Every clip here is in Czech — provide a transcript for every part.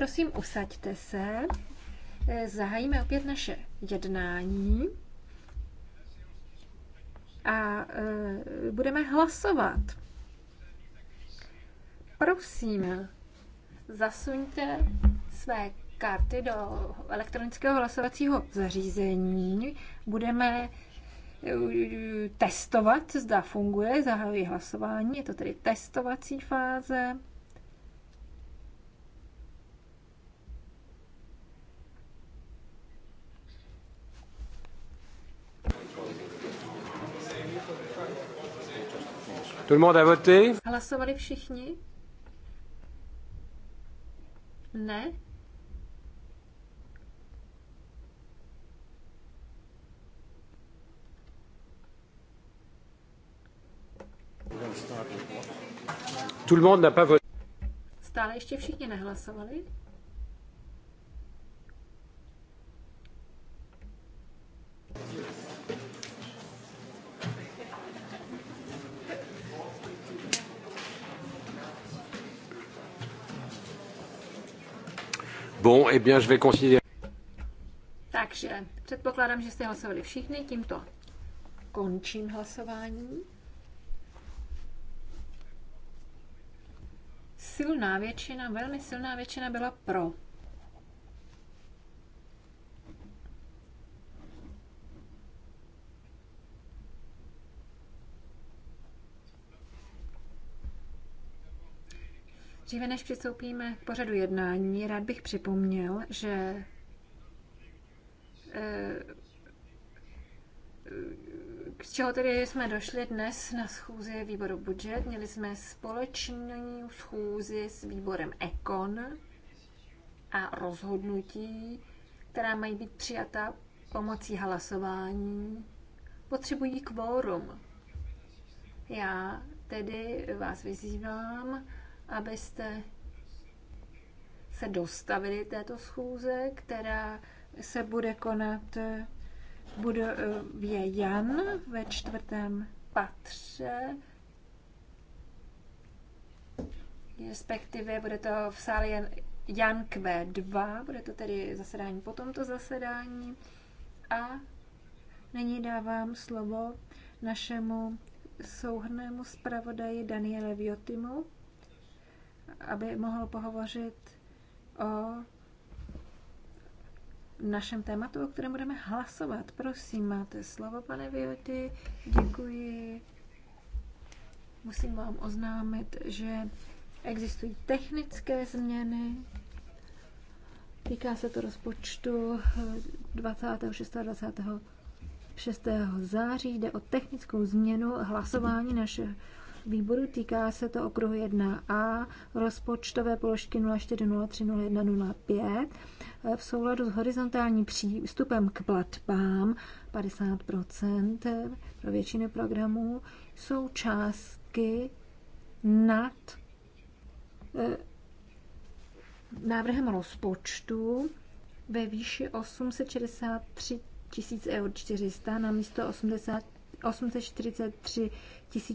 prosím usaďte se. Eh, Zahájíme opět naše jednání a eh, budeme hlasovat. Prosím, zasuňte své karty do elektronického hlasovacího zařízení. Budeme eh, testovat, zda funguje, zahajuji hlasování, je to tedy testovací fáze. Tout le monde a voté? Hlasovali všichni? Ne? Tout le monde n'a pas voté. Stále ještě všichni nehlasovali? Bon, eh bien, je vais considérer... Takže předpokládám, že jste hlasovali všichni, tímto končím hlasování. Silná většina, velmi silná většina byla pro. Dříve než přistoupíme k pořadu jednání, rád bych připomněl, že eh, k čeho tedy jsme došli dnes na schůzi výboru budget. Měli jsme společnou schůzi s výborem Ekon a rozhodnutí, která mají být přijata pomocí hlasování, potřebují kvórum. Já tedy vás vyzývám, abyste se dostavili této schůze, která se bude konat bude eh, v Jan ve čtvrtém patře, respektive bude to v sále Jan, Jan Q2, bude to tedy zasedání po tomto zasedání. A nyní dávám slovo našemu souhrnému zpravodaji Daniele Viotimu aby mohl pohovořit o našem tématu, o kterém budeme hlasovat. Prosím, máte slovo, pane Vioty. Děkuji. Musím vám oznámit, že existují technické změny. Týká se to rozpočtu 26. 26. 6. září. Jde o technickou změnu hlasování našeho výboru. Týká se to okruhu 1a, rozpočtové položky 04030105 v souladu s horizontálním přístupem k platbám 50 pro většinu programů jsou částky nad eh, návrhem rozpočtu ve výši 863 400 na místo 80 843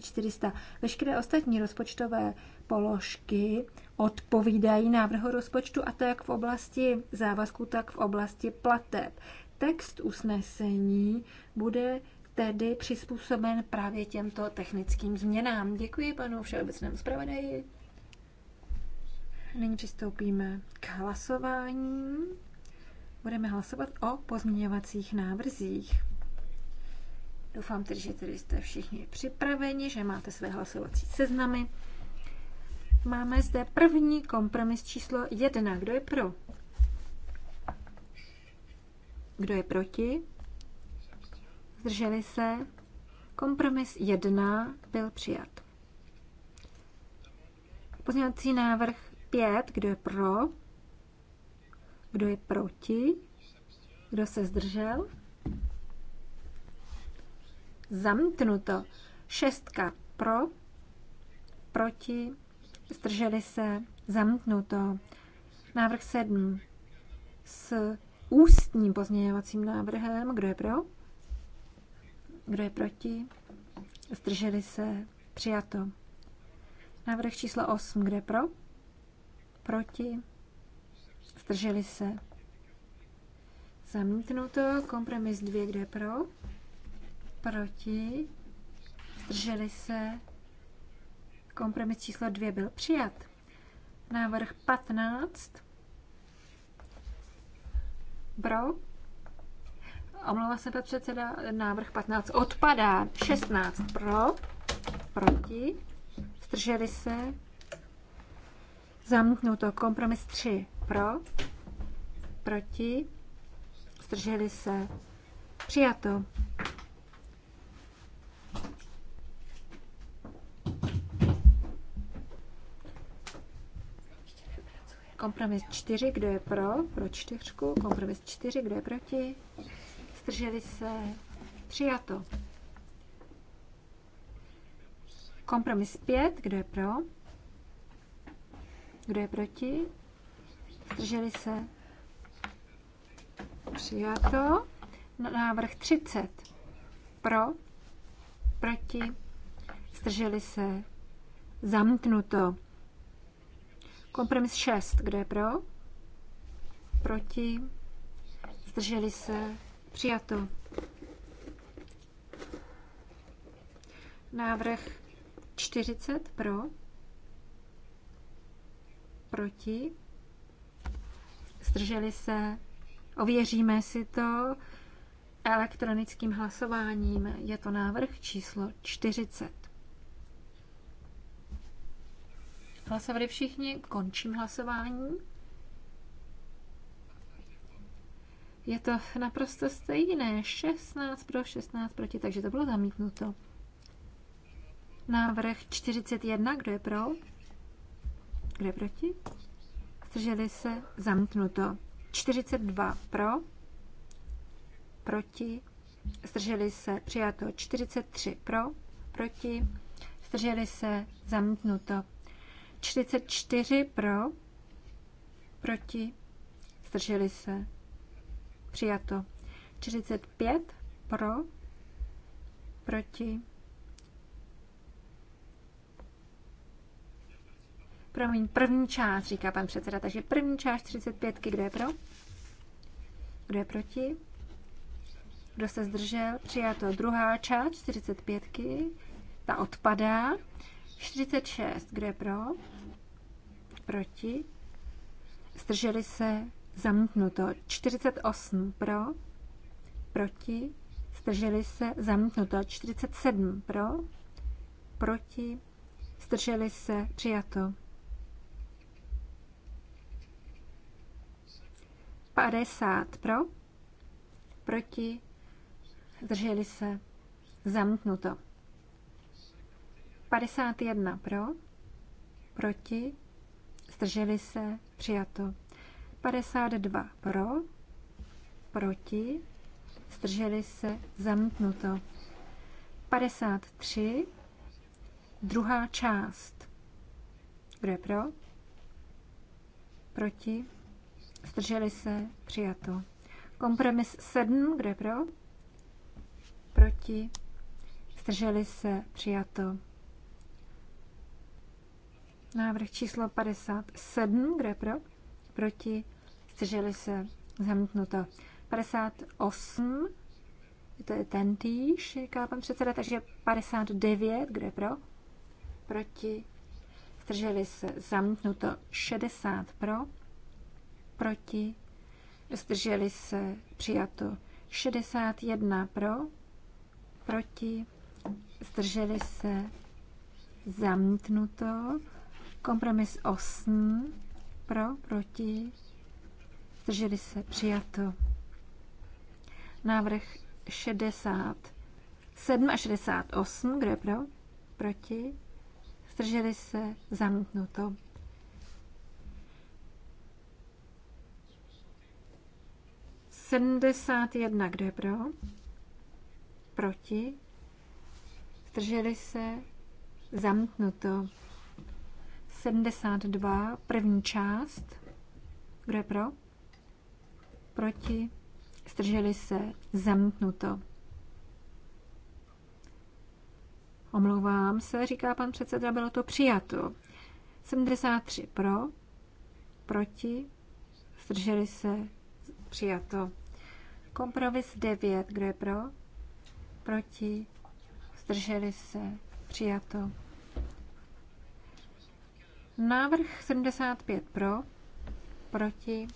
400. Veškeré ostatní rozpočtové položky odpovídají návrhu rozpočtu a to jak v oblasti závazků, tak v oblasti plateb. Text usnesení bude tedy přizpůsoben právě těmto technickým změnám. Děkuji panu všeobecnému zpravodaji. Nyní přistoupíme k hlasování. Budeme hlasovat o pozměňovacích návrzích. Doufám tedy, že tedy jste všichni připraveni, že máte své hlasovací seznamy. Máme zde první kompromis číslo jedna. Kdo je pro? Kdo je proti? Zdrželi se? Kompromis jedna byl přijat. Pozměňovací návrh 5. Kdo je pro? Kdo je proti? Kdo se zdržel? Zamítnuto. Šestka pro, proti, zdrželi se, zamítnuto. Návrh sedm s ústním pozměňovacím návrhem. Kdo je pro? Kdo je proti? Zdrželi se, přijato. Návrh číslo 8. Kde pro? Proti? Zdrželi se. Zamítnuto. Kompromis 2. Kde pro? proti, zdrželi se, kompromis číslo 2 byl přijat. Návrh 15, bro, omlouvá se pan předseda, návrh 15 odpadá, 16 pro, proti, zdrželi se, zamknuto, kompromis 3 pro, proti, zdrželi se, přijato. Kompromis 4, kdo je pro, pro čtyřku. Kompromis 4, kdo je proti. Zdrželi se. Přijato. Kompromis 5, kdo je pro. Kdo je proti. Zdrželi se. Přijato. No, návrh 30. Pro. Proti. Zdrželi se. Zamknuto. Kompromis 6. Kdo je pro? Proti? Zdrželi se? Přijato. Návrh 40 pro? Proti? Zdrželi se? Ověříme si to elektronickým hlasováním. Je to návrh číslo 40. Hlasovali všichni, končím hlasování. Je to naprosto stejné, 16 pro 16 proti, takže to bylo zamítnuto. Návrh 41, kdo je pro? Kdo je proti? Zdrželi se, zamítnuto. 42 pro, proti, zdrželi se, přijato. 43 pro, proti, zdrželi se, zamítnuto. 44 pro, proti, zdrželi se, přijato. 45 pro, proti, Promiň, první část, říká pan předseda, takže první část 35, kdo je pro? Kdo je proti? Kdo se zdržel? Přijato druhá část 45, ta odpadá. 46, kde pro? Proti? Zdrželi se? zamknuto. 48 pro? Proti? Zdrželi se? zamknuto. 47 pro? Proti? Zdrželi se? Přijato. 50 pro? Proti? Zdrželi se? zamknuto. 51 pro, proti, zdrželi se, přijato. 52 pro, proti, zdrželi se, zamítnuto. 53, druhá část. Kdo je pro? Proti, zdrželi se, přijato. Kompromis 7, kdo je pro? Proti, zdrželi se, přijato. Návrh číslo 57, kde pro? Proti, zdrželi se, zamítnuto. 58, to je ten týž, říká pan předseda, takže 59, kde pro? Proti, zdrželi se, zamítnuto. 60 pro, proti, zdrželi se, přijato. 61 pro, proti, zdrželi se, zamítnuto. Kompromis 8. Pro, proti, zdrželi se, přijato. Návrh 67 a 68, kdo je pro? Proti? Zdrželi se, zamítnuto. Sedmdesát jedna, kdo je pro? Proti? Zdrželi se, Zamknuto. 72, první část. Kdo je pro? Proti? Zdrželi se? Zamítnuto. Omlouvám se, říká pan předseda, bylo to přijato. 73 pro, proti, zdrželi se, přijato. Kompromis 9, kdo je pro, proti, zdrželi se, přijato. Návrh 75 pro, proti,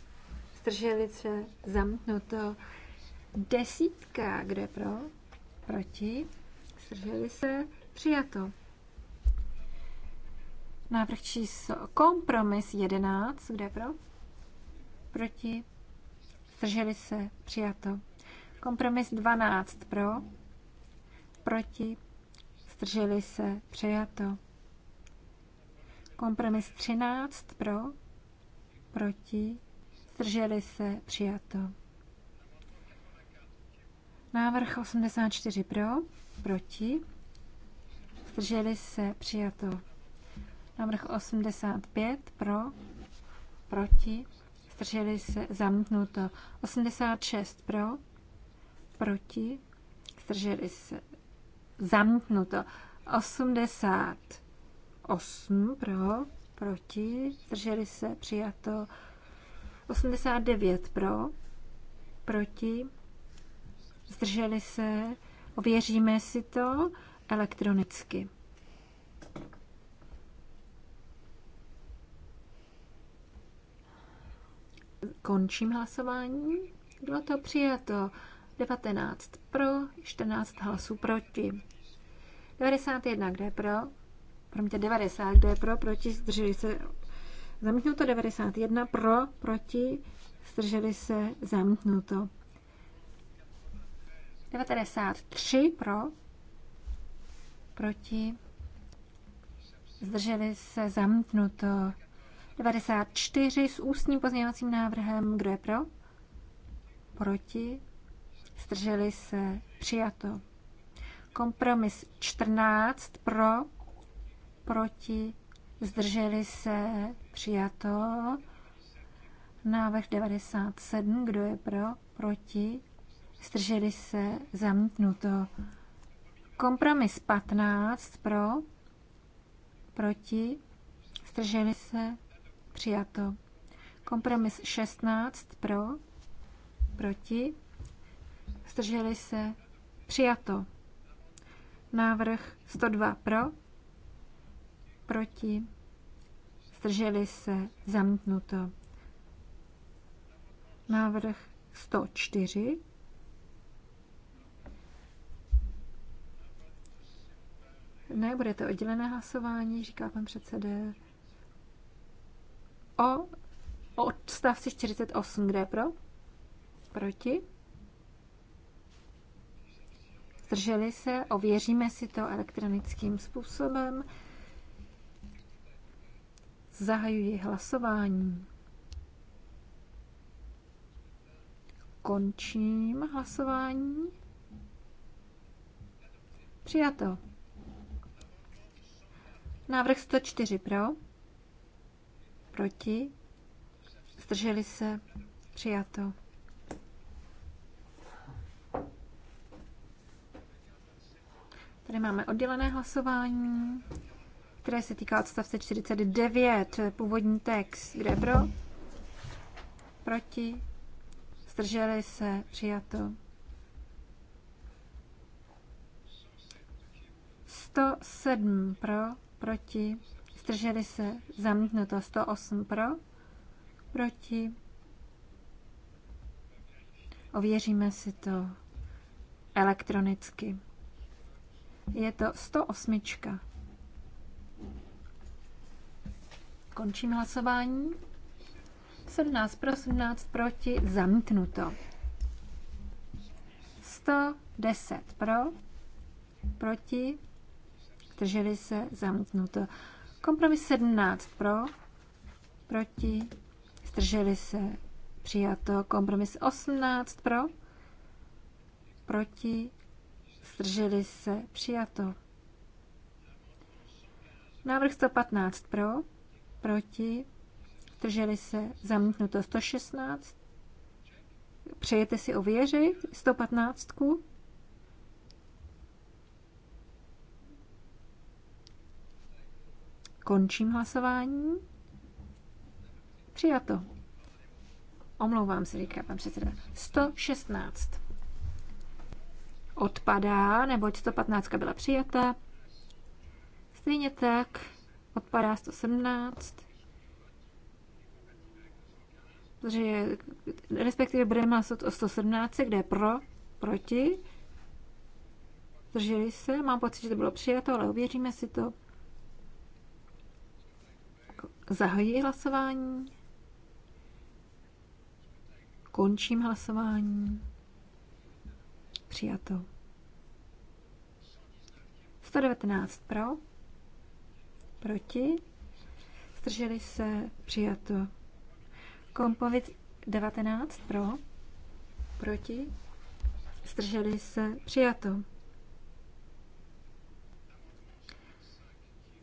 zdrželi se, zamknuto. Desítka, kde pro, proti, zdrželi se, přijato. Návrh číslo kompromis 11, kde pro, proti, strželi se, přijato. Kompromis 12 pro, proti, strželi se, přijato. Kompromis 13 pro, proti, zdrželi se, přijato. Návrh 84 pro, proti, zdrželi se, přijato. Návrh 85 pro, proti, zdrželi se, zamknuto. 86 pro, proti, zdrželi se, zamknuto. 80 8 pro, proti, zdrželi se, přijato 89 pro, proti, zdrželi se, ověříme si to elektronicky. Končím hlasování. Bylo to přijato 19 pro, 14 hlasů proti. 91, kde pro, promiňte, 90, kdo je pro, proti, zdrželi se, zamítnuto 91, pro, proti, zdrželi se, zamítnuto. 93 pro, proti, zdrželi se, zamítnuto. 94 s ústním pozměňovacím návrhem, kdo je pro, proti, zdrželi se, přijato. Kompromis 14 pro, proti, zdrželi se, přijato. Návrh 97, kdo je pro, proti, zdrželi se, zamítnuto. Kompromis 15 pro, proti, zdrželi se, přijato. Kompromis 16 pro, proti, zdrželi se, přijato. Návrh 102 pro, proti, zdrželi se, zamknuto. Návrh 104. Ne, bude to oddělené hlasování, říká pan předseda. O odstavci 48, kde je pro? Proti? Zdrželi se, ověříme si to elektronickým způsobem. Zahajuji hlasování. Končím hlasování. Přijato. Návrh 104 pro. Proti. Zdrželi se. Přijato. Tady máme oddělené hlasování které se týká odstavce 49, původní text. Kde pro? Proti? Zdrželi se? Přijato. 107 pro, proti, zdrželi se, zamítnuto 108 pro, proti. Ověříme si to elektronicky. Je to 108. Končím hlasování. 17 pro, 17 proti, zamítnuto. 110 pro, proti, drželi se, zamítnuto. Kompromis 17 pro, proti, zdrželi se, přijato. Kompromis 18 pro, proti, zdrželi se, přijato. Návrh 115 pro, proti, drželi se, zamítnuto 116. Přejete si ověřit 115? Končím hlasování. Přijato. Omlouvám se, říká pan předseda. 116. Odpadá, neboť 115 byla přijata. Stejně tak Odpadá 117. Protože respektive budeme hlasovat o 117, kde je pro, proti. Zdrželi se, mám pocit, že to bylo přijato, ale uvěříme si to. Zahojí hlasování. Končím hlasování. Přijato. 119 pro. Proti? Zdrželi se? Přijato. Kompovit 19 pro? Proti? Zdrželi se? Přijato.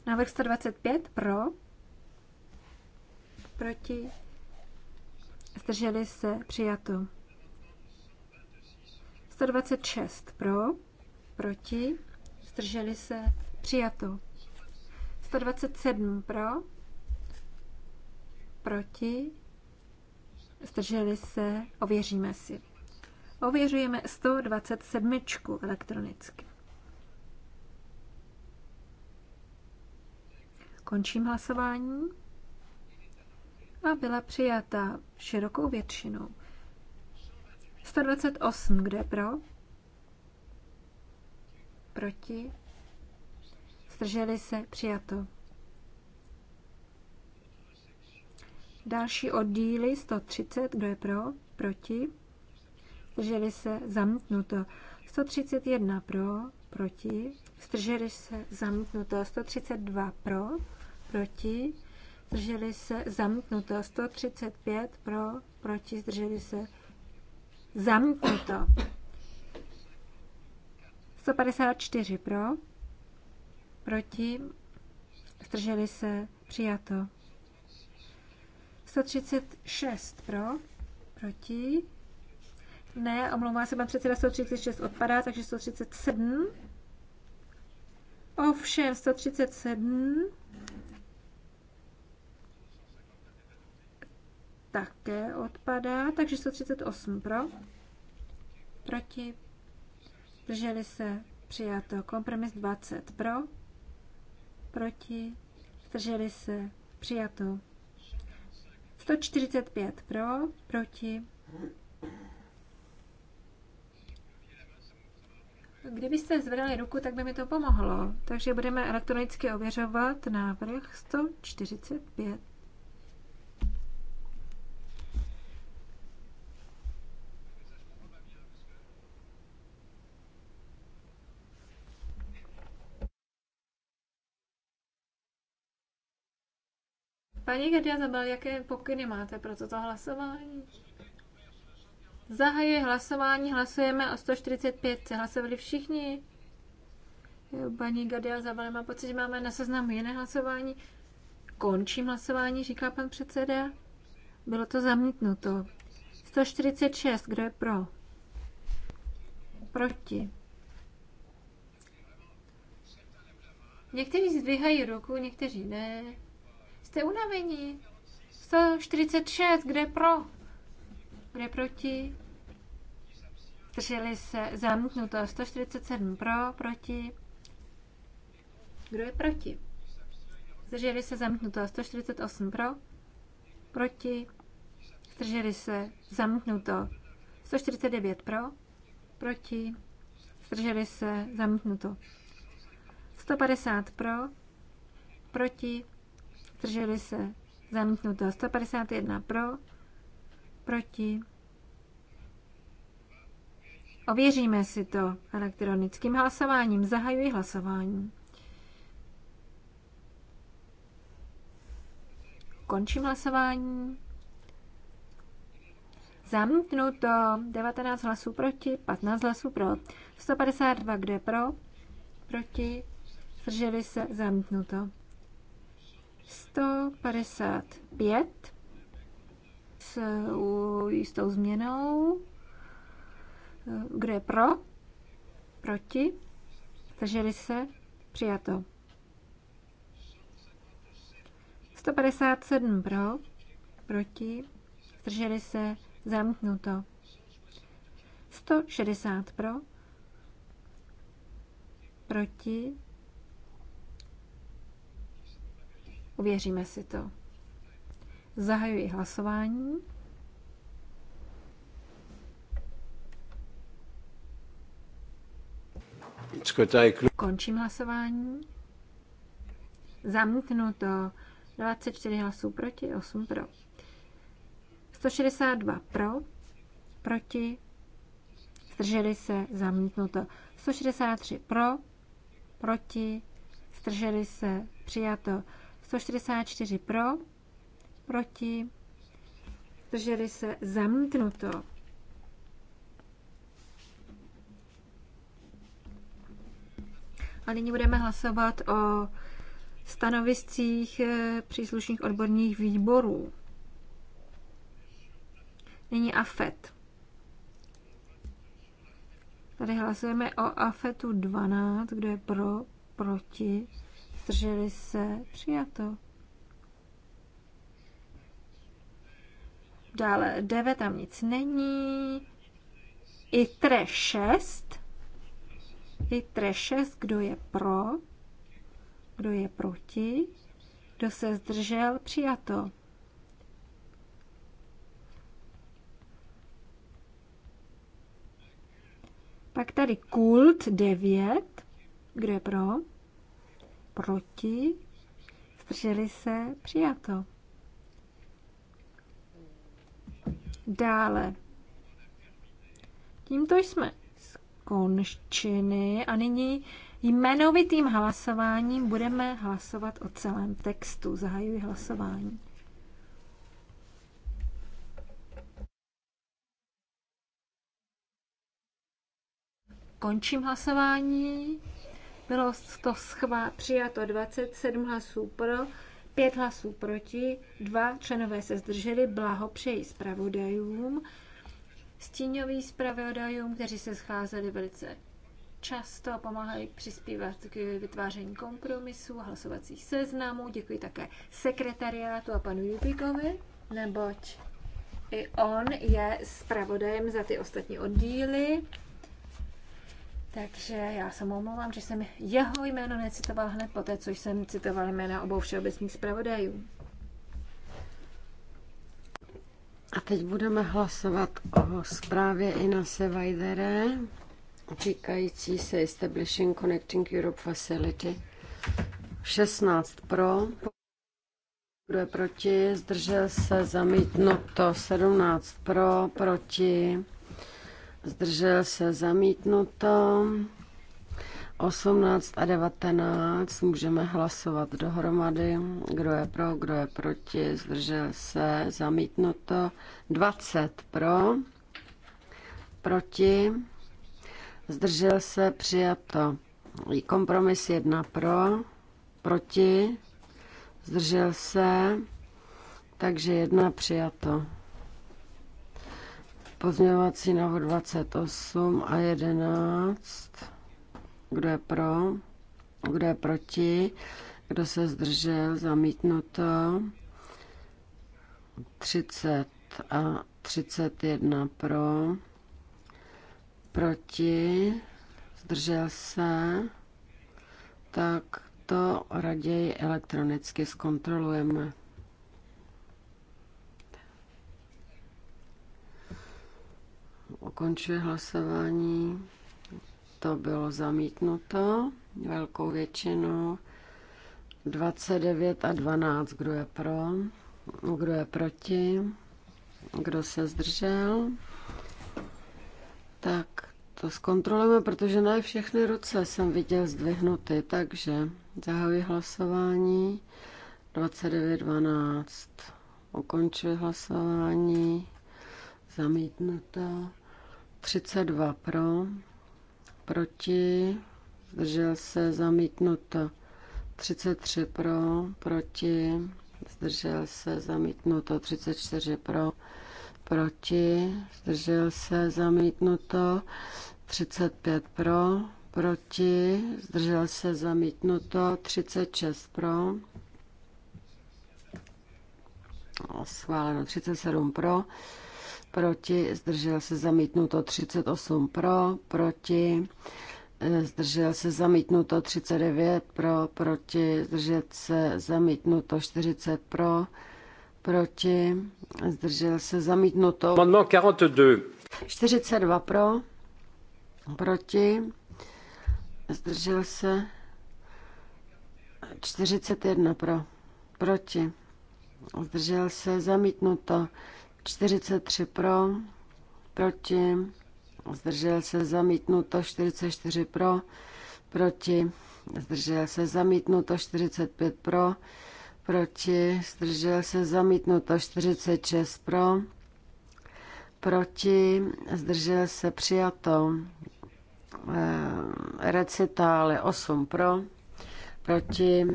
Návrh 125 pro? Proti? Zdrželi se? Přijato. 126 pro? Proti? Zdrželi se? Přijato. 127 pro, proti, zdrželi se, ověříme si. Ověřujeme 127 elektronicky. Končím hlasování a byla přijata širokou většinou. 128, kde pro? Proti? zdrželi se, přijato. Další oddíly 130, kdo je pro, proti, zdrželi se, zamítnuto. 131 pro, proti, zdrželi se, zamítnuto. 132 pro, proti, zdrželi se, zamítnuto. 135 pro, proti, zdrželi se, zamítnuto. 154 pro, proti, zdrželi se, přijato. 136 pro, proti, ne, omlouvá se pan předseda 136 odpadá, takže 137. Ovšem 137 také odpadá, takže 138 pro, proti, drželi se, přijato, kompromis 20 pro, proti, zdrželi se, přijato. 145 pro, proti. Kdybyste zvedali ruku, tak by mi to pomohlo. Takže budeme elektronicky ověřovat návrh 145. Paní Gadia Zabel, jaké pokyny máte pro toto hlasování? Zahajuji hlasování, hlasujeme o 145. Hlasovali všichni? Paní Gadia Zabel má pocit, že máme na seznamu jiné hlasování. Končím hlasování, říká pan předseda. Bylo to zamítnuto. 146, kdo je pro? Proti. Někteří zdvihají ruku, někteří ne. Jste unavení? 146, kde pro? Kde proti? Drželi se zamítnuto. 147 pro, proti. Kdo je proti? Zdrželi se zamknuto. 148 pro, proti. Zdrželi se zamknuto. 149 pro, proti. Zdrželi se zamknuto. 150 pro, proti zdrželi se, zamítnuto 151 pro, proti. Ověříme si to elektronickým hlasováním. Zahajuji hlasování. Končím hlasování. Zamítnuto 19 hlasů proti, 15 hlasů pro, 152 kde pro, proti, zdrželi se, zamítnuto. 155 s jistou změnou. kde je pro? Proti? Zdrželi se? Přijato. 157 pro, proti, zdrželi se, zamknuto. 160 pro, proti, Uvěříme si to. Zahajuji hlasování. Končím hlasování. Zamítnuto 24 hlasů proti, 8 pro. 162 pro, proti, zdrželi se, zamítnuto. 163 pro, proti, zdrželi se, přijato. 144 pro, proti, drželi se zamítnuto. A nyní budeme hlasovat o stanoviscích eh, příslušných odborných výborů. Nyní AFET. Tady hlasujeme o AFETu 12, kdo je pro, proti, zdrželi se, přijato. Dále 9, tam nic není. I tre 6. I tre 6, kdo je pro, kdo je proti, kdo se zdržel, přijato. Pak tady kult 9, kdo je pro, proti, zdrželi se, přijato. Dále. Tímto jsme skončili a nyní jmenovitým hlasováním budeme hlasovat o celém textu. Zahajuji hlasování. Končím hlasování. Bylo to schvá, přijato 27 hlasů pro, 5 hlasů proti, 2 členové se zdrželi, blahopřeji zpravodajům, stíňový zpravodajům, kteří se scházeli velice často pomáhají přispívat k vytváření kompromisů, hlasovacích seznamů. Děkuji také sekretariátu a panu Jupikovi, neboť i on je zpravodajem za ty ostatní oddíly. Takže já se omlouvám, že jsem jeho jméno necitoval hned poté, co jsem citoval jména obou všeobecných zpravodajů. A teď budeme hlasovat o zprávě Ina Sevajdere týkající se Establishing Connecting Europe Facility. 16 pro, kdo je proti, zdržel se zamítnuto 17 pro, proti zdržel se zamítnuto. 18 a 19 můžeme hlasovat dohromady. Kdo je pro, kdo je proti, zdržel se, zamítnuto. 20 pro, proti, zdržel se, přijato. Kompromis 1 pro, proti, zdržel se, takže jedna přijato. Pozměňovací návrh 28 a 11. Kdo je pro? Kdo je proti? Kdo se zdržel? Zamítnuto. 30 a 31 pro. Proti? Zdržel se? Tak to raději elektronicky zkontrolujeme. ukončuje hlasování. To bylo zamítnuto velkou většinou. 29 a 12. Kdo je pro? Kdo je proti? Kdo se zdržel? Tak to zkontrolujeme, protože ne všechny ruce jsem viděl zdvihnuty, takže zahajuji hlasování. 29.12. Ukončuji hlasování. Zamítnuto. 32 pro. Proti. Zdržel se. Zamítnuto. 33 pro. Proti. Zdržel se. Zamítnuto. 34 pro. Proti. Zdržel se. Zamítnuto. 35 pro. Proti. Zdržel se. Zamítnuto. 36 pro schváleno 37 pro, proti, zdržel se zamítnuto 38 eh, pro, proti, zdržel se zamítnuto 39 pro, proti, zdržel se zamítnuto 40 pro, proti, zdržel se zamítnuto 42. 42 pro, proti, zdržel se 41 pro, proti, zdržel se zamítnuto 43 pro, proti, zdržel se zamítnuto 44 pro, proti, zdržel se zamítnuto 45 pro, proti, zdržel se zamítnuto 46 pro, proti, zdržel se přijato e, recitály 8 pro, proti,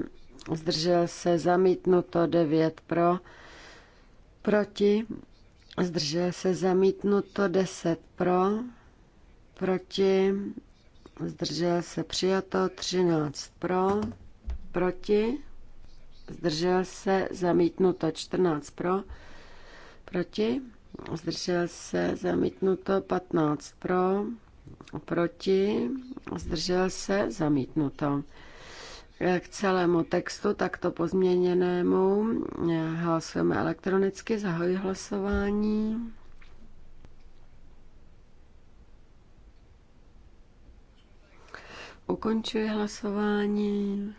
zdržel se zamítnuto 9 pro, proti, zdržel se zamítnuto 10 pro, proti, zdržel se přijato 13 pro, proti, zdržel se zamítnuto 14 pro, proti, zdržel se zamítnuto 15 pro, proti, zdržel se zamítnuto k celému textu takto pozměněnému. Eh, hlasujeme elektronicky, zahoji hlasování. Ukončuji hlasování.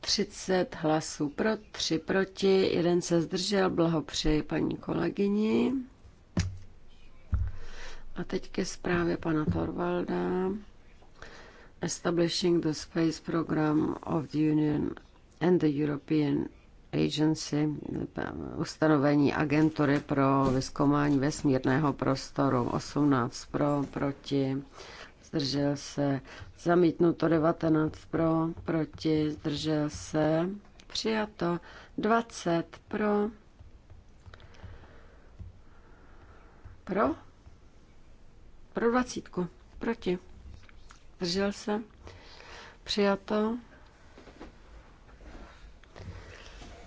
30 hlasů pro, 3 proti, jeden se zdržel, blahopřeji paní kolegyni. A teď ke zprávě pana Torvalda establishing the space program of the Union and the European Agency, ustanovení agentury pro vyskoumání vesmírného prostoru, 18 pro, proti, zdržel se, zamítnuto 19 pro, proti, zdržel se, přijato 20 pro, pro, pro dvacítku, proti. Zdržel se? Přijato?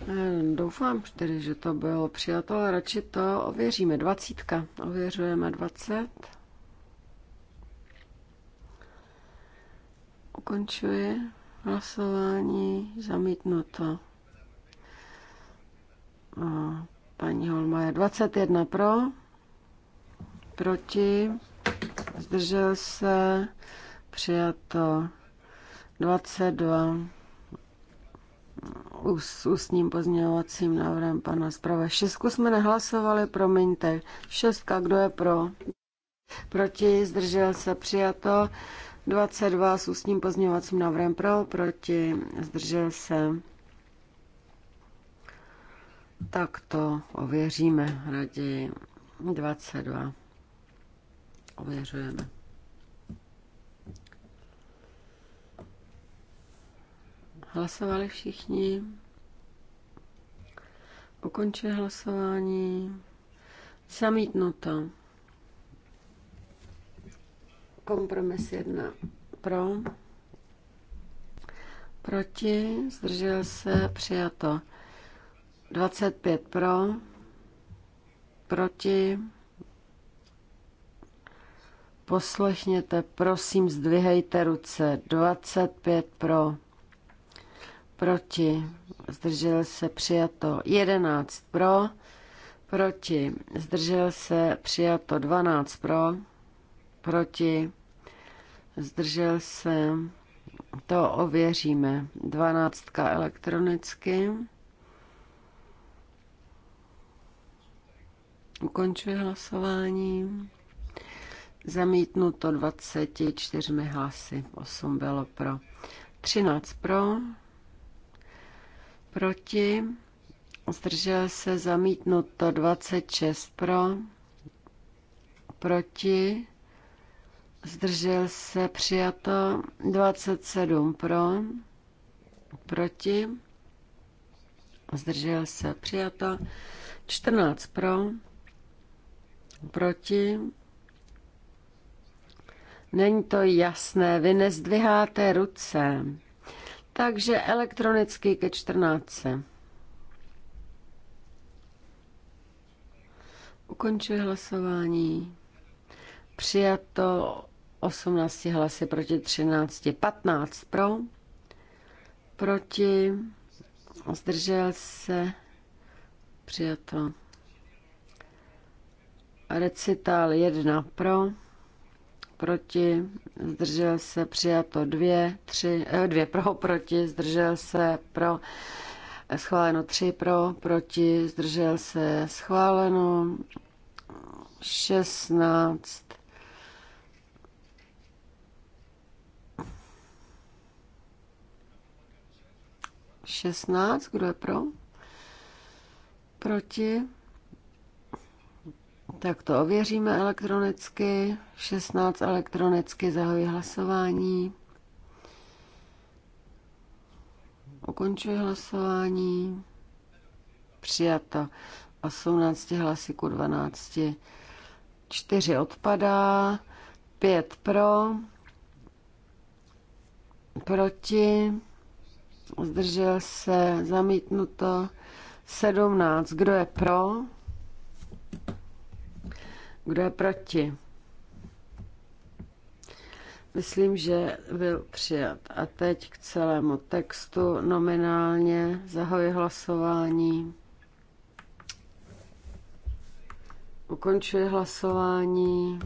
Eh, doufám tedy, že to bylo přijato, ale radši to ověříme. Dvacítka. Ověřujeme dvacet. Ukončuji hlasování. Zamítnuto. A paní Holma je 21 pro, proti, zdržel se, přijato 22 s ústním pozměňovacím návrhem pana zprava. Šestku jsme nehlasovali, promiňte. Šestka, kdo je pro? Proti, zdržel se, přijato. 22 s ústním pozměňovacím návrhem pro, proti, zdržel se. Tak to ověříme raději. 22. Ověřujeme. Hlasovali všichni. Ukončuji hlasování. Zamítnuto. Kompromis jedna pro. Proti. Zdržel se. Přijato. 25 pro. Proti. Poslechněte, prosím, zdvihejte ruce. 25 pro proti, zdržel se přijato 11 pro, proti, zdržel se přijato 12 pro, proti, zdržel se, to ověříme, 12 elektronicky. Ukončuji hlasování. Zamítnuto 24 hlasy, 8 bylo pro, 13 pro, Proti. Zdržel se zamítnuto 26 pro. Proti. Zdržel se přijato 27 pro. Proti. Zdržel se přijato 14 pro. Proti. Není to jasné, vy nezdviháte ruce. Takže elektronicky ke 14. Ukončuje hlasování. Přijato 18 hlasy proti 13, 15 pro, proti, zdržel se, přijato. Recital 1 pro proti, zdržel se, přijato dvě, tři, eh, dvě pro, proti, zdržel se, pro, schváleno tři pro, proti, zdržel se, schváleno 16. Šestnáct, kdo je pro? Proti? Tak to ověříme elektronicky. 16 elektronicky zahojí hlasování. Ukončuji hlasování. Přijato 18 hlasy ku 12. 4 odpadá, 5 pro, proti, zdržel se, zamítnuto, 17. Kdo je pro? Kdo je proti? Myslím, že byl přijat. A teď k celému textu nominálně zahoji hlasování. Ukončuji hlasování.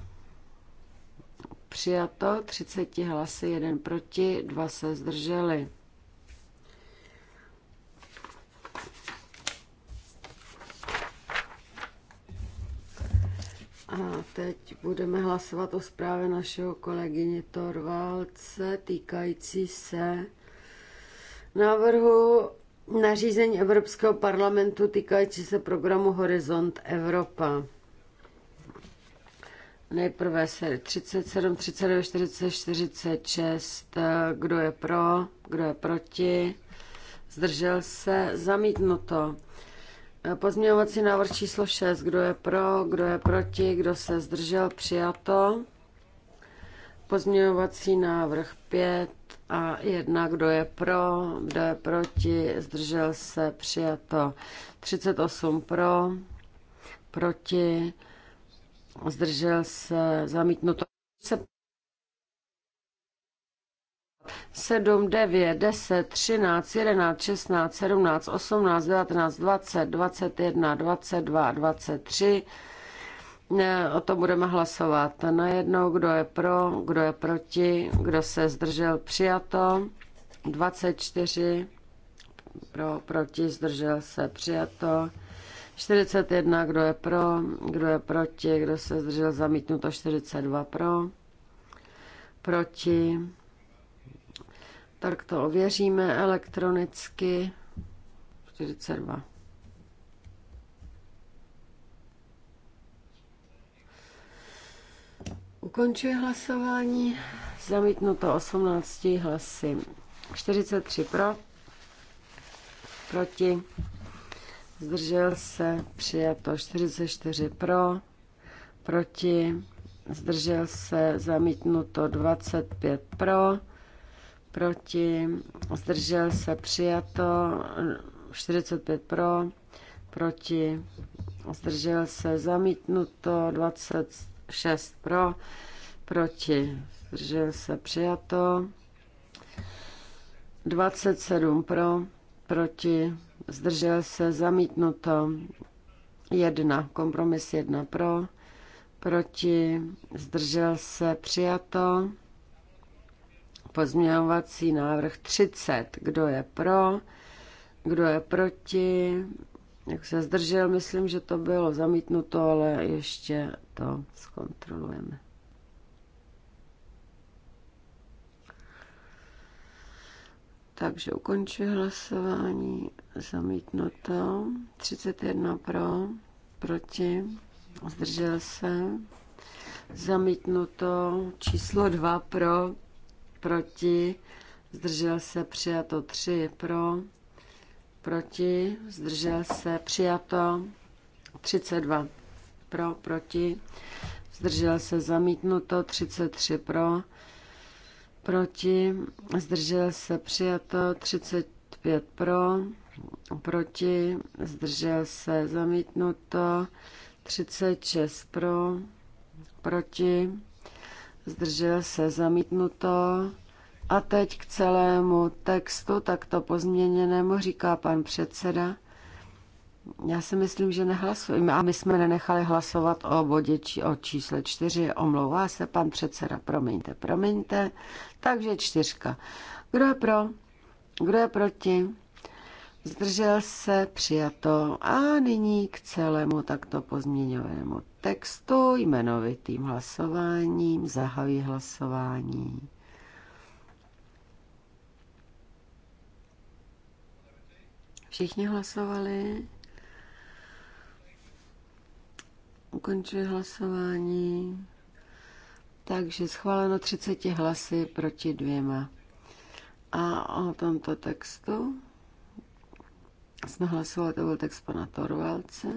Přijato 30 hlasy, jeden proti, dva se zdrželi. A teď budeme hlasovat o zprávě našeho kolegyně Torvalce týkající se návrhu nařízení Evropského parlamentu týkající se programu Horizont Evropa. Nejprve se 37, 39, 40, 46. Kdo je pro, kdo je proti? Zdržel se? Zamítnuto. Pozměňovací návrh číslo 6. Kdo je pro, kdo je proti, kdo se zdržel, přijato. Pozměňovací návrh 5 a 1. Kdo je pro, kdo je proti, zdržel se, přijato. 38 pro, proti, zdržel se, zamítnuto. 7, 9, 10, 13, 11, 16, 17, 18, 19, 20, 21, 22, 23. O tom budeme hlasovat najednou, kdo je pro, kdo je proti, kdo se zdržel přijato. 24 pro, proti, zdržel se přijato. 41, kdo je pro, kdo je proti, kdo se zdržel zamítnuto, 42 pro, proti, tak to ověříme elektronicky. 42. Ukončuji hlasování. Zamítnuto 18 hlasy. 43 pro, proti, zdržel se, přijato 44 pro, proti, zdržel se, zamítnuto 25 pro, proti, zdržel se přijato, 45 pro, proti, zdržel se zamítnuto, 26 pro, proti, zdržel se přijato, 27 pro, proti, zdržel se zamítnuto, 1, kompromis 1 pro, proti, zdržel se přijato, Pozměňovací návrh 30. Kdo je pro? Kdo je proti? Jak se zdržel, myslím, že to bylo zamítnuto, ale ještě to zkontrolujeme. Takže ukončuji hlasování. Zamítnuto. 31 pro, proti, zdržel se. Zamítnuto. Číslo 2 pro, proti, zdržel se přijato 3 pro, proti, zdržel se přijato 32 pro, proti, zdržel se zamítnuto 33 pro, proti, zdržel se přijato 35 pro, proti, zdržel se zamítnuto 36 pro, proti, zdržel se zamítnuto. A teď k celému textu, takto pozměněnému, říká pan předseda. Já si myslím, že nehlasujeme. A my jsme nenechali hlasovat o bodě či o čísle čtyři. Omlouvá se pan předseda. Promiňte, promiňte. Takže čtyřka. Kdo je pro? Kdo je proti? Zdržel se, přijato. A nyní k celému takto pozměňovému textu jmenovitým hlasováním. Zahajuji hlasování. Všichni hlasovali. Ukončuji hlasování. Takže schváleno 30 hlasy proti dvěma. A o tomto textu jsme hlasovali, to byl text pana Torvalce.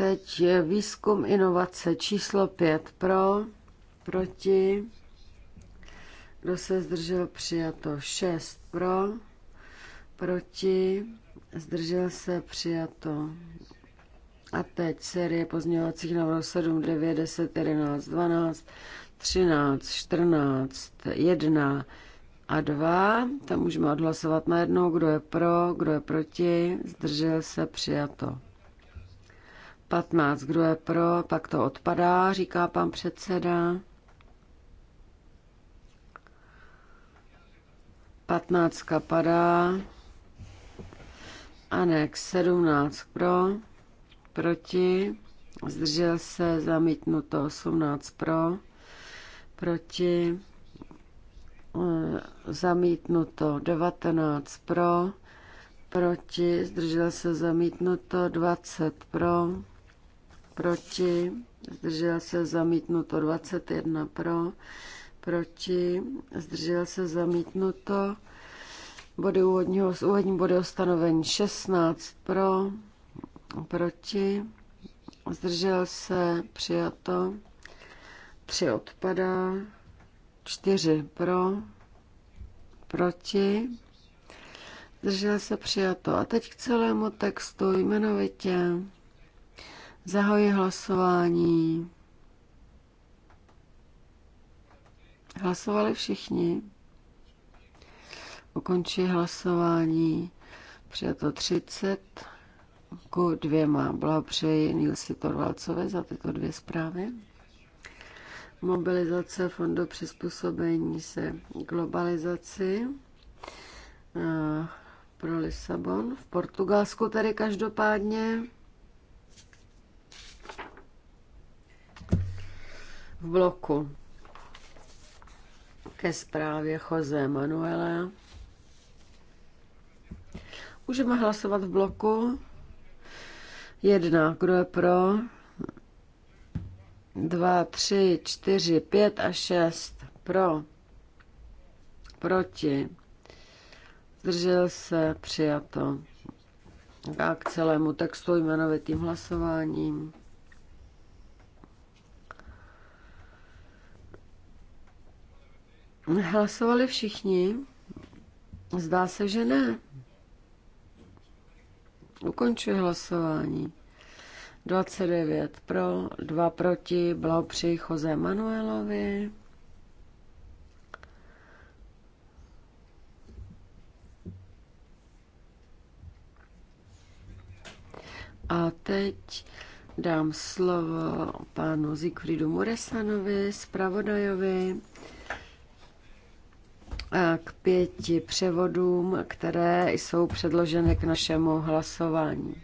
Teď je výzkum inovace číslo 5 pro, proti, kdo se zdržel přijato 6 pro, proti, zdržel se přijato. A teď série pozměňovacích návrhů 7, 9, 10, 11, 12, 13, 14, 1 a 2. Tam můžeme odhlasovat najednou, kdo je pro, kdo je proti, zdržel se přijato. 15. Kdo je pro, pak to odpadá, říká pan předseda. 15. padá. Anex 17 pro, proti, zdržel se, zamítnuto 18 pro, proti, eh, zamítnuto 19 pro, proti, zdržel se zamítnuto 20 pro, proti, zdržel se zamítnuto 21 pro, proti, zdržel se zamítnuto, body úvodního, úvodní body ustanovení 16 pro, proti, zdržel se přijato, 3 odpadá, 4 pro, proti, zdržel se přijato. A teď k celému textu jmenovitě. Zahoji hlasování. Hlasovali všichni. Ukončí hlasování. Přijato 30 ku dvěma. Blahopřeji Nilsi Torvalcové za tyto dvě zprávy. Mobilizace fondu přizpůsobení se globalizaci eh, pro Lisabon v Portugalsku tady každopádně. v bloku ke zprávě Jose Manuela. Můžeme hlasovat v bloku. Jedna, kdo je pro? Dva, tři, čtyři, pět a šest. Pro. Proti. Zdržel se, přijato. A k celému textu jmenovitým hlasováním. Hlasovali všichni? Zdá se, že ne. Ukončuji hlasování. 29 pro, 2 proti, blahopřeji Jose Manuelovi. A teď dám slovo panu Zikfridu Muresanovi, zpravodajovi k pěti převodům, které jsou předloženy k našemu hlasování.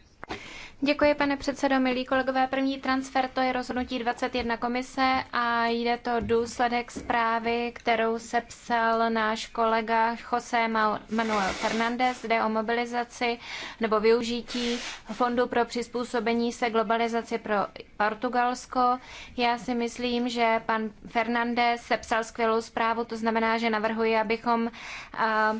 Děkuji, pane předsedo, milí kolegové. První transfer to je rozhodnutí 21 komise a jde to důsledek zprávy, kterou sepsal náš kolega José Manuel Fernández. Jde o mobilizaci nebo využití Fondu pro přizpůsobení se globalizaci pro Portugalsko. Já si myslím, že pan Fernández sepsal skvělou zprávu, to znamená, že navrhuji, abychom uh,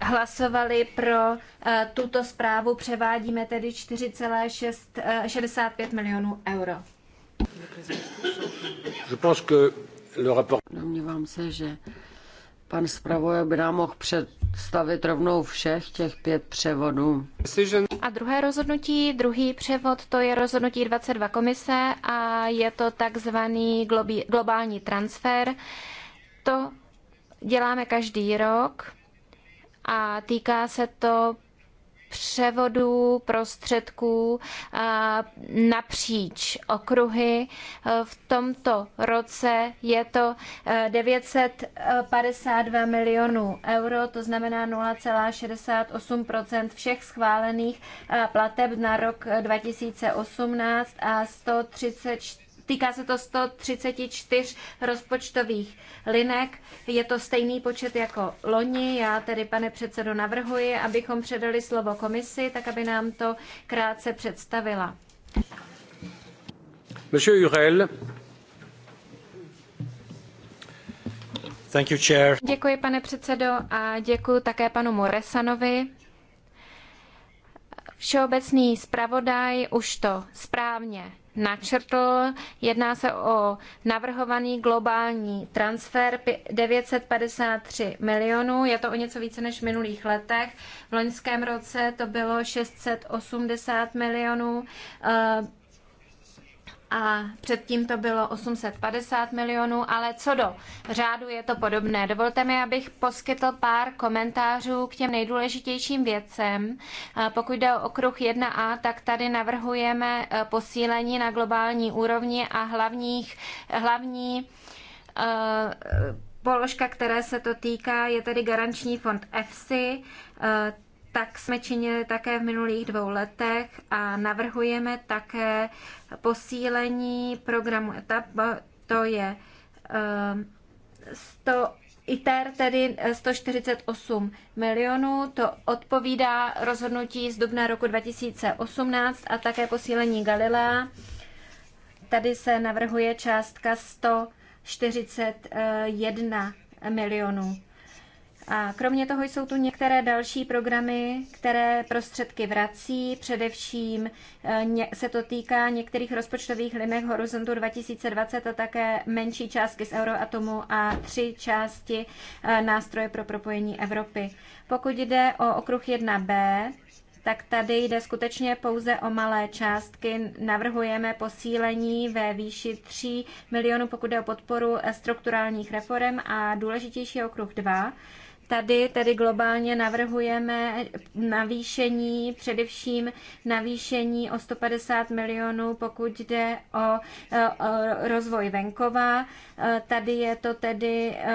hlasovali pro eh, tuto zprávu, převádíme tedy 4,65 eh, milionů euro. Domnívám se, že pan zpravodaj by nám mohl představit rovnou všech těch pět převodů. A druhé rozhodnutí, druhý převod, to je rozhodnutí 22 komise a je to takzvaný globální transfer. To děláme každý rok a týká se to převodu prostředků napříč okruhy. V tomto roce je to 952 e, milionů euro, to znamená 0,68 všech schválených e, plateb na rok 2018 e, a 134 Týká se to 134 rozpočtových linek. Je to stejný počet jako loni. Já tedy, pane předsedo, navrhuji, abychom předali slovo komisi, tak aby nám to krátce představila. Monsieur Jurel. Thank you, chair. Děkuji, pane předsedo, a děkuji také panu Moresanovi. Všeobecný zpravodaj už to správně načrtl. Jedná se o navrhovaný globální transfer 953 milionů. Je to o něco více než v minulých letech. V loňském roce to bylo 680 milionů. Eh, a předtím to bylo 850 milionů, ale co do řádu je to podobné. Dovolte mi, abych poskytl pár komentářů k těm nejdůležitějším věcem. Pokud jde o okruh 1a, tak tady navrhujeme e, posílení na globální úrovni a hlavních, hlavní e, položka, které se to týká, je tedy garanční fond EFSI. E, tak jsme činili také v minulých dvou letech a navrhujeme také posílení programu etap, to je 100 ehm, ITER tedy 148 eh, milionů, to odpovídá rozhodnutí z dubna roku 2018 a také posílení Galilea. Tady se navrhuje částka 141 eh, milionů. A kromě toho jsou tu některé další programy, které prostředky vrací, především eh, se to týká některých rozpočtových linek Horizontu 2020 a také menší částky z Euroatomu a tři části eh, nástroje pro propojení Evropy. Pokud jde o okruh 1b, tak tady jde skutečně pouze o malé částky. Navrhujeme posílení ve výši 3 milionů, pokud jde o podporu eh, strukturálních reform a důležitější okruh 2 Tady tedy globálně navrhujeme navýšení, především navýšení o 150 milionů, pokud jde o, rozvoj venkova. E, tady je to tedy, e,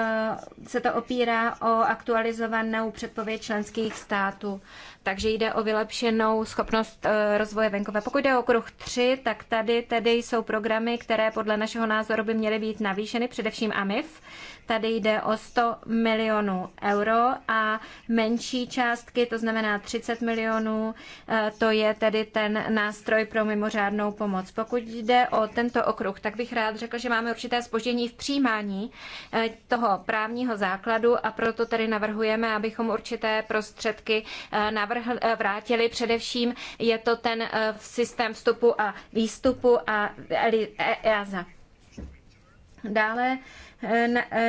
se to opírá o aktualizovanou předpověď členských států takže jde o vylepšenou schopnost eh, rozvoje venkova. Pokud jde o okruh 3, tak tady tedy jsou programy, které podle našeho názoru by měly být navýšeny, především AMIF. Tady jde o 100 milionů euro a menší částky, to znamená 30 milionů, eh, to je tedy ten nástroj pro mimořádnou pomoc. Pokud jde o tento okruh, tak bych rád řekl, že máme určité spoždění v přijímání eh, toho právního základu a proto tedy navrhujeme, abychom určité prostředky na navrhl, eh, vrátili. Především je to ten eh, systém vstupu a výstupu a EASA. Eh, e, e, Dále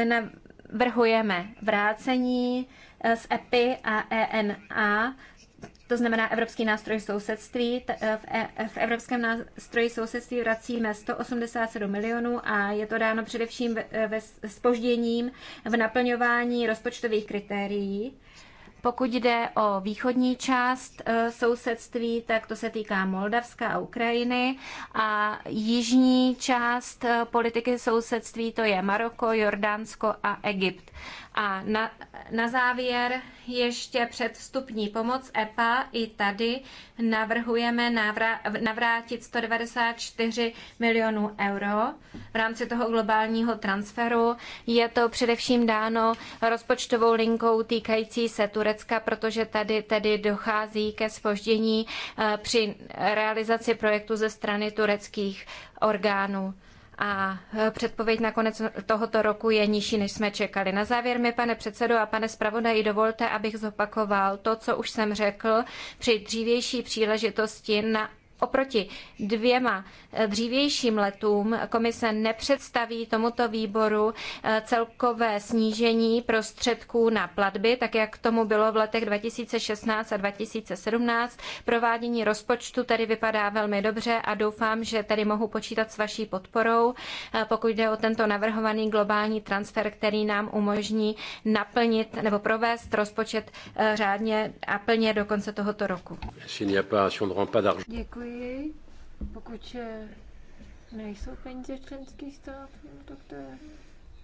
navrhujeme vrácení z EPI a ENA to znamená Evropský nástroj sousedství. E, v Evropském nástroji sousedství vracíme 187 milionů a je to dáno především ve spožděním v naplňování rozpočtových kritérií. Pokud jde o východní část e, sousedství, tak to se týká Moldavska a Ukrajiny. A jižní část e, politiky sousedství to je Maroko, Jordánsko a Egypt. A na, na závěr ještě předvstupní pomoc EPA. I tady navrhujeme navra, navrátit 194 milionů euro v rámci toho globálního transferu. Je to především dáno rozpočtovou linkou týkající se Turecka, protože tady tedy dochází ke spoždění eh, při realizaci projektu ze strany tureckých orgánů a eh, předpověď na konec tohoto roku je nižší, než jsme čekali. Na závěr mi, pane předsedo a pane zpravodaji, dovolte, abych zopakoval to, co už jsem řekl při dřívější příležitosti na oproti dvěma eh, dřívějším letům komise nepředstaví tomuto výboru eh, celkové snížení prostředků na platby, tak jak tomu bylo v letech 2016 a 2017. Provádění rozpočtu tedy vypadá velmi dobře a doufám, že tedy mohu počítat s vaší podporou, eh, pokud jde o tento navrhovaný globální transfer, který nám umožní naplnit nebo provést rozpočet řádně a plně do konce tohoto roku. Děkuji. Děkuji. Pokud eh, nejsou peníze členských států, tak to je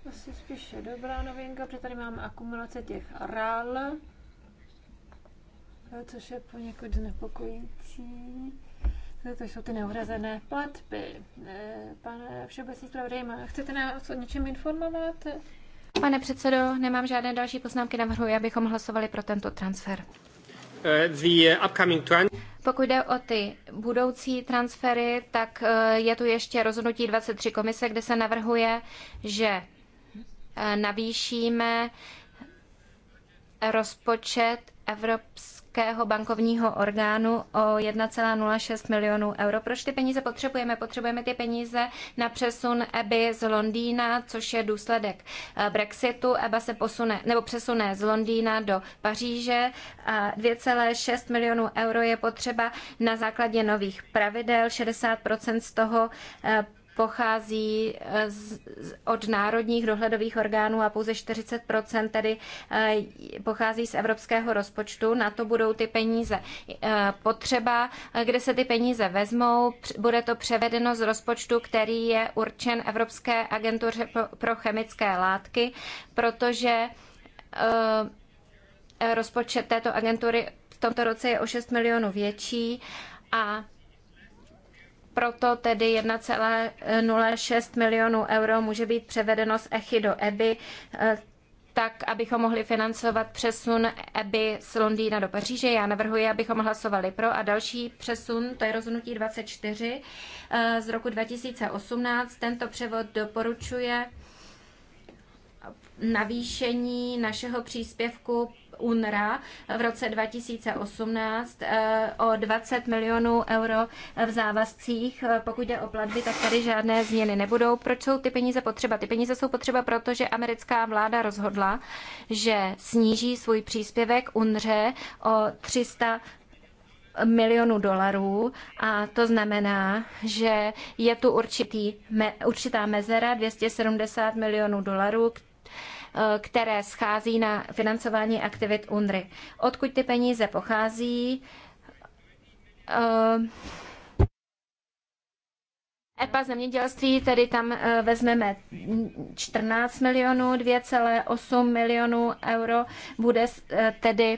asi spíše dobrá novinka, protože tady máme akumulace těch RAL, eh, což je poněkud znepokojící. To jsou ty neuhrazené platby. Eh, pane všeobecný zpravodaj, chcete nás o něčem informovat? Pane předsedo, nemám žádné další poznámky, navrhuji, abychom hlasovali pro tento transfer. Uh, Pokud jde o ty budoucí transfery, tak uh, je tu ještě rozhodnutí 23 komise, kde se navrhuje, že uh, navýšíme rozpočet Evropské Evropského bankovního orgánu o 1,06 milionů euro. Proč ty peníze potřebujeme? Potřebujeme ty peníze na přesun EBY z Londýna, což je důsledek eh, Brexitu. EBA se posune nebo přesune z Londýna do Paříže. 2,6 milionů euro je potřeba na základě nových pravidel. 60% z toho eh, pochází eh, z, od národních dohledových orgánů a pouze 40 tedy eh, pochází z evropského rozpočtu. Na to budou ty peníze eh, potřeba, kde se ty peníze vezmou. Bude to převedeno z rozpočtu, který je určen Evropské agentuře pro chemické látky, protože rozpočet této agentury v tomto roce je o 6 milionů větší a proto tedy 1,06 milionů euro může být převedeno z Echy do EBY, eh, tak, abychom mohli financovat přesun EBY z Londýna do Paříže. Já navrhuji, abychom hlasovali pro. A další přesun, to je rozhodnutí 24 eh, z roku 2018. Tento převod doporučuje navýšení našeho příspěvku UNRA v roce 2018 eh, o 20 milionů euro v závazcích. Eh, pokud jde o platby, tak tady žádné změny nebudou. Proč jsou ty peníze potřeba? Ty peníze jsou potřeba proto, že americká vláda rozhodla, že sníží svůj příspěvek UNRE o 300 milionů dolarů a to znamená, že je tu určitý, me, určitá mezera 270 milionů dolarů, Eh, které schází na financování aktivit UNRY. Odkud ty peníze pochází? Eh, EPA zemědělství, tedy tam eh, vezmeme 14 milionů, 2,8 milionů euro bude tedy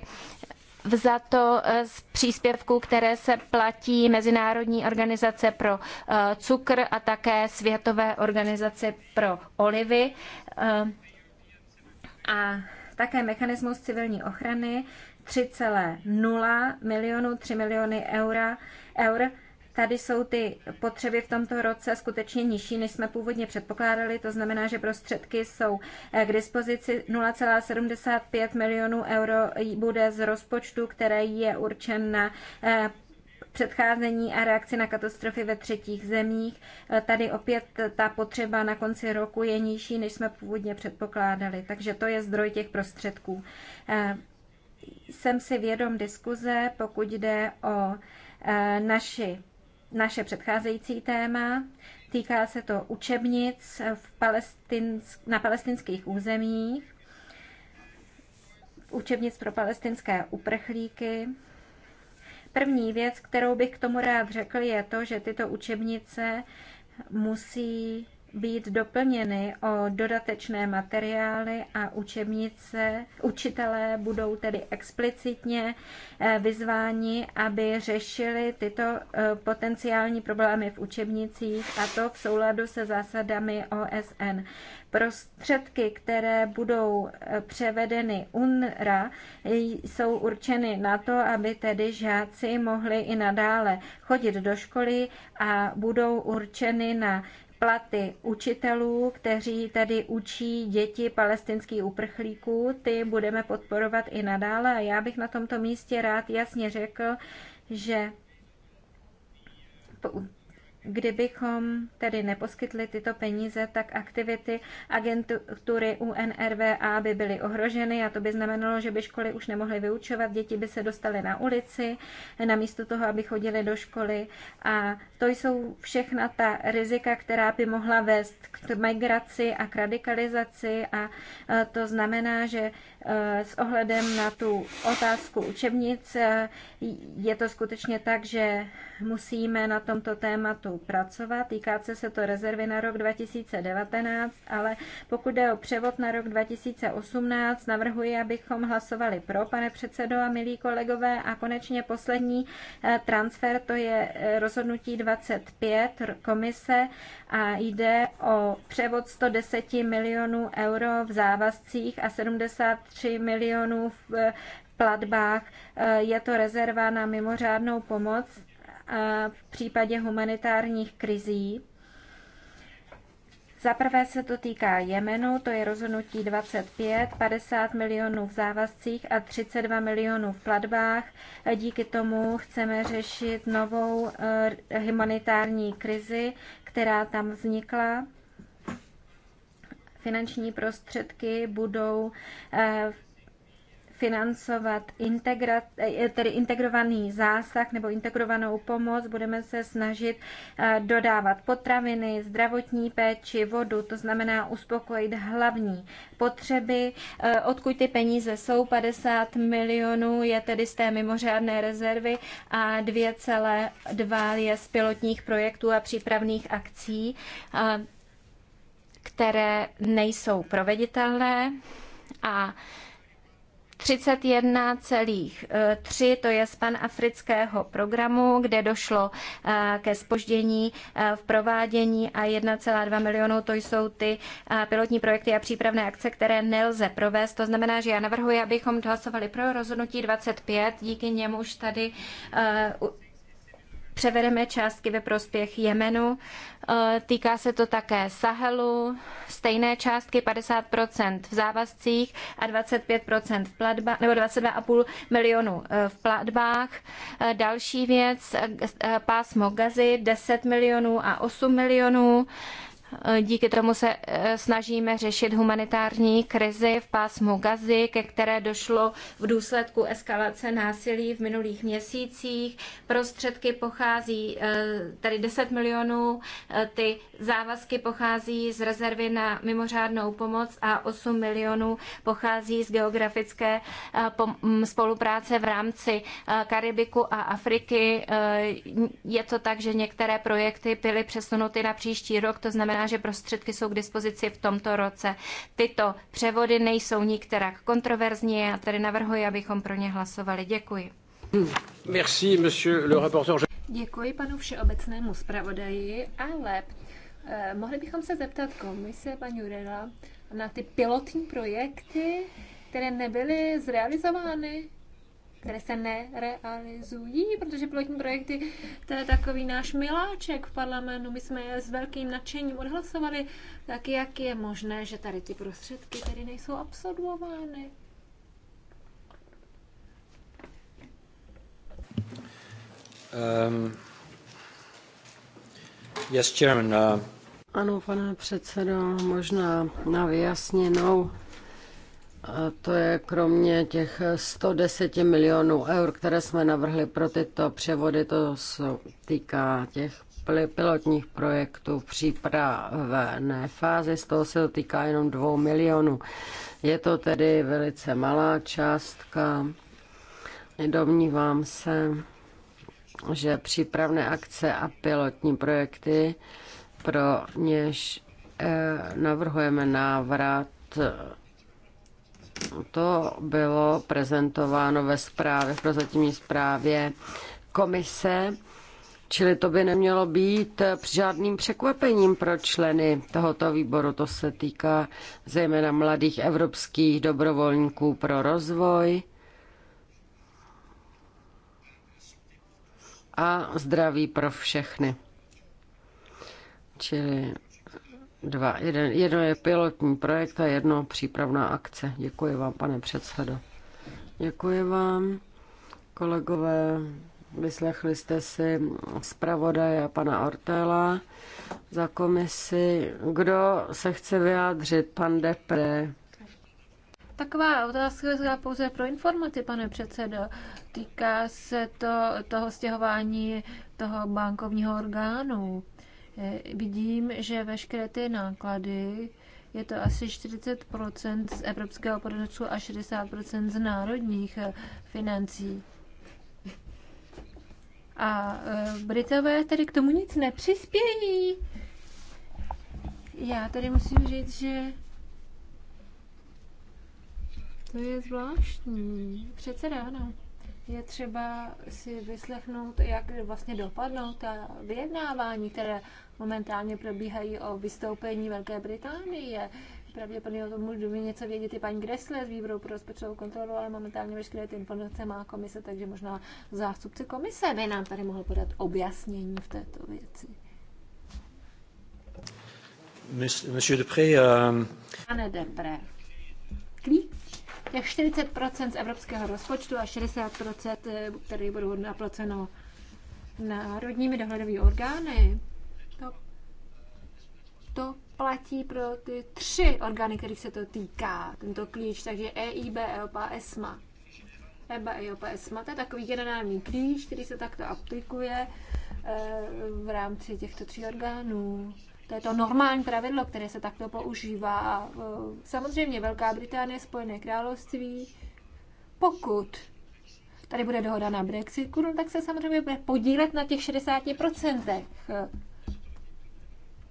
vzato z příspěvků, které se platí Mezinárodní organizace pro cukr a také Světové organizace pro olivy a také mechanismus civilní ochrany 3,0 milionů, 3 miliony eura, eur. Tady jsou ty potřeby v tomto roce skutečně nižší, než jsme původně předpokládali. To znamená, že prostředky jsou eh, k dispozici 0,75 milionů euro bude z rozpočtu, který je určen na eh, předcházení a reakci na katastrofy ve třetích zemích. Eh, Tady opět ta potřeba na konci roku je nižší, než jsme původně předpokládali, takže to je zdroj těch prostředků. Eh, Jsem si vědom diskuze, pokud jde o eh, naši, naše předcházející téma. Týká se to učebnic v palestinsk, na palestinských územích, učebnic pro palestinské uprchlíky. První věc, kterou bych k tomu rád řekl, je to, že tyto učebnice musí být doplněny o dodatečné materiály a učebnice. Učitelé budou tedy explicitně eh, vyzváni, aby řešili tyto eh, potenciální problémy v učebnicích a to v souladu se zásadami OSN. Prostředky, které budou eh, převedeny UNRA, jsou určeny na to, aby tedy žáci mohli i nadále chodit do školy a budou určeny na platy učitelů, kteří tedy učí děti palestinských uprchlíků. Ty budeme podporovat i nadále a já bych na tomto místě rád jasně řekl, že Kdybychom tedy neposkytli tyto peníze, tak aktivity agentury UNRWA by byly ohroženy a to by znamenalo, že by školy už nemohly vyučovat, děti by se dostaly na ulici, namísto toho, aby chodili do školy. A to jsou všechna ta rizika, která by mohla vést k migraci a k radikalizaci a e, to znamená, že e, s ohledem na tu otázku učebnic e, je to skutečně tak, že musíme na tomto tématu pracovat. Týká se to rezervy na rok 2019, ale pokud jde o převod na rok 2018, navrhuji, abychom hlasovali pro, pane předsedo a milí kolegové. A konečně poslední eh, transfer, to je eh, rozhodnutí 25 komise a jde o převod 110 milionů euro v závazcích a 73 milionů v eh, platbách. Je to rezerva na mimořádnou pomoc v případě humanitárních krizí. Za prvé se to týká Jemenu, to je rozhodnutí 25, 50 milionů v závazcích a 32 milionů v platbách. Díky tomu chceme řešit novou eh, humanitární krizi, která tam vznikla. Finanční prostředky budou v eh, financovat integra, eh, tedy integrovaný zásah nebo integrovanou pomoc. Budeme se snažit eh, dodávat potraviny, zdravotní péči, vodu, to znamená uspokojit hlavní potřeby. Eh, odkud ty peníze jsou? 50 milionů je tedy z té mimořádné rezervy a 2,2 je z pilotních projektů a přípravných akcí, které nejsou proveditelné a 31,3 to je z panafrického programu, kde došlo eh, ke spoždění eh, v provádění a 1,2 milionů to jsou ty eh, pilotní projekty a přípravné akce, které nelze provést. To znamená, že já navrhuji, abychom hlasovali pro rozhodnutí 25, díky němuž tady převedeme částky ve prospěch Jemenu. Eh, týká se to také Sahelu, stejné částky 50% v závazcích a 25% eh, v platbách, nebo 22,5 milionů v platbách. Další věc, eh, pásmo Gazy 10 milionů a 8 milionů. Eh, díky tomu se eh, snažíme řešit humanitární krizi v pásmu Gazy, ke které došlo v důsledku eskalace násilí v minulých měsících. Prostředky pochází eh, tady 10 milionů, ty závazky pochází z rezervy na mimořádnou pomoc a 8 milionů pochází z geografické mm, spolupráce v rámci Karibiku a Afriky. Je to tak, že některé projekty byly přesunuty na příští rok, to znamená, znamená, že prostředky jsou k dispozici v tomto roce. Tyto převody nejsou nikterak kontroverzní a tedy navrhuji, abychom pro ně hlasovali. Děkuji. Merci, monsieur le rapporteur. Děkuji panu všeobecnému zpravodaji, ale eh, mohli bychom se zeptat komise, paní Urela, na ty pilotní projekty, které nebyly zrealizovány které se nerealizují, protože pilotní projekty to je takový náš miláček v parlamentu. My jsme je s velkým nadšením odhlasovali, tak jak je možné, že tady ty prostředky tady nejsou absorbovány. Um, yes, Chairman. Uh... Ano, pane předsedo, možná na vyjasněnou to je kromě těch 110 milionů eur, které jsme navrhli pro tyto převody, to se týká těch pilotních projektů v přípravné fázi, z toho se to týká jenom 2 milionů. Je to tedy velice malá částka. Domnívám se, že přípravné akce a pilotní projekty, pro něž eh, navrhujeme návrat to bylo prezentováno ve zprávě, v prozatímní zprávě komise, čili to by nemělo být žádným překvapením pro členy tohoto výboru. To se týká zejména mladých evropských dobrovolníků pro rozvoj a zdraví pro všechny. Čili dva. Jeden, jedno je pilotní projekt a jedno přípravná akce. Děkuji vám, pane předsedo. Děkuji vám, kolegové. Vyslechli jste si zpravodaje pana Ortela za komisi. Kdo se chce vyjádřit? Pan Depre. Taková otázka je pouze pro informaci, pane předsedo. Týká se to toho stěhování toho bankovního orgánu. Eh, vidím, že veškeré ty náklady, je to asi 40% z evropského produktu a 60% z národních eh, financí. A eh, Britové tedy k tomu nic nepřispějí. Já tady musím říct, že to je zvláštní. Přece ráno je třeba si vyslechnout, jak vlastně dopadnou ta vyjednávání, které momentálně probíhají o vystoupení Velké Británie. Pravděpodobně o tom můžu něco vědět i paní Gressler z výboru pro rozpočtovou kontrolu, ale momentálně veškeré ty informace má komise, takže možná zástupce komise by nám tady mohl podat objasnění v této věci. Monsieur Depré, um... Euh, Pane Depré, klík těch 40% z evropského rozpočtu a 60%, eh, které budou naplaceno národními dohledovými orgány, to, to platí pro ty tři orgány, kterých se to týká, tento klíč, takže EIB, EOPA, ESMA. EBA, EOPA, ESMA, to je takový generální klíč, který se takto aplikuje eh, v rámci těchto tří orgánů. To je to normální pravidlo, které se takto používá. A e, samozřejmě Velká Británie, Spojené království, pokud tady bude dohoda na Brexitu, no, tak se samozřejmě bude podílet na těch 60%. E,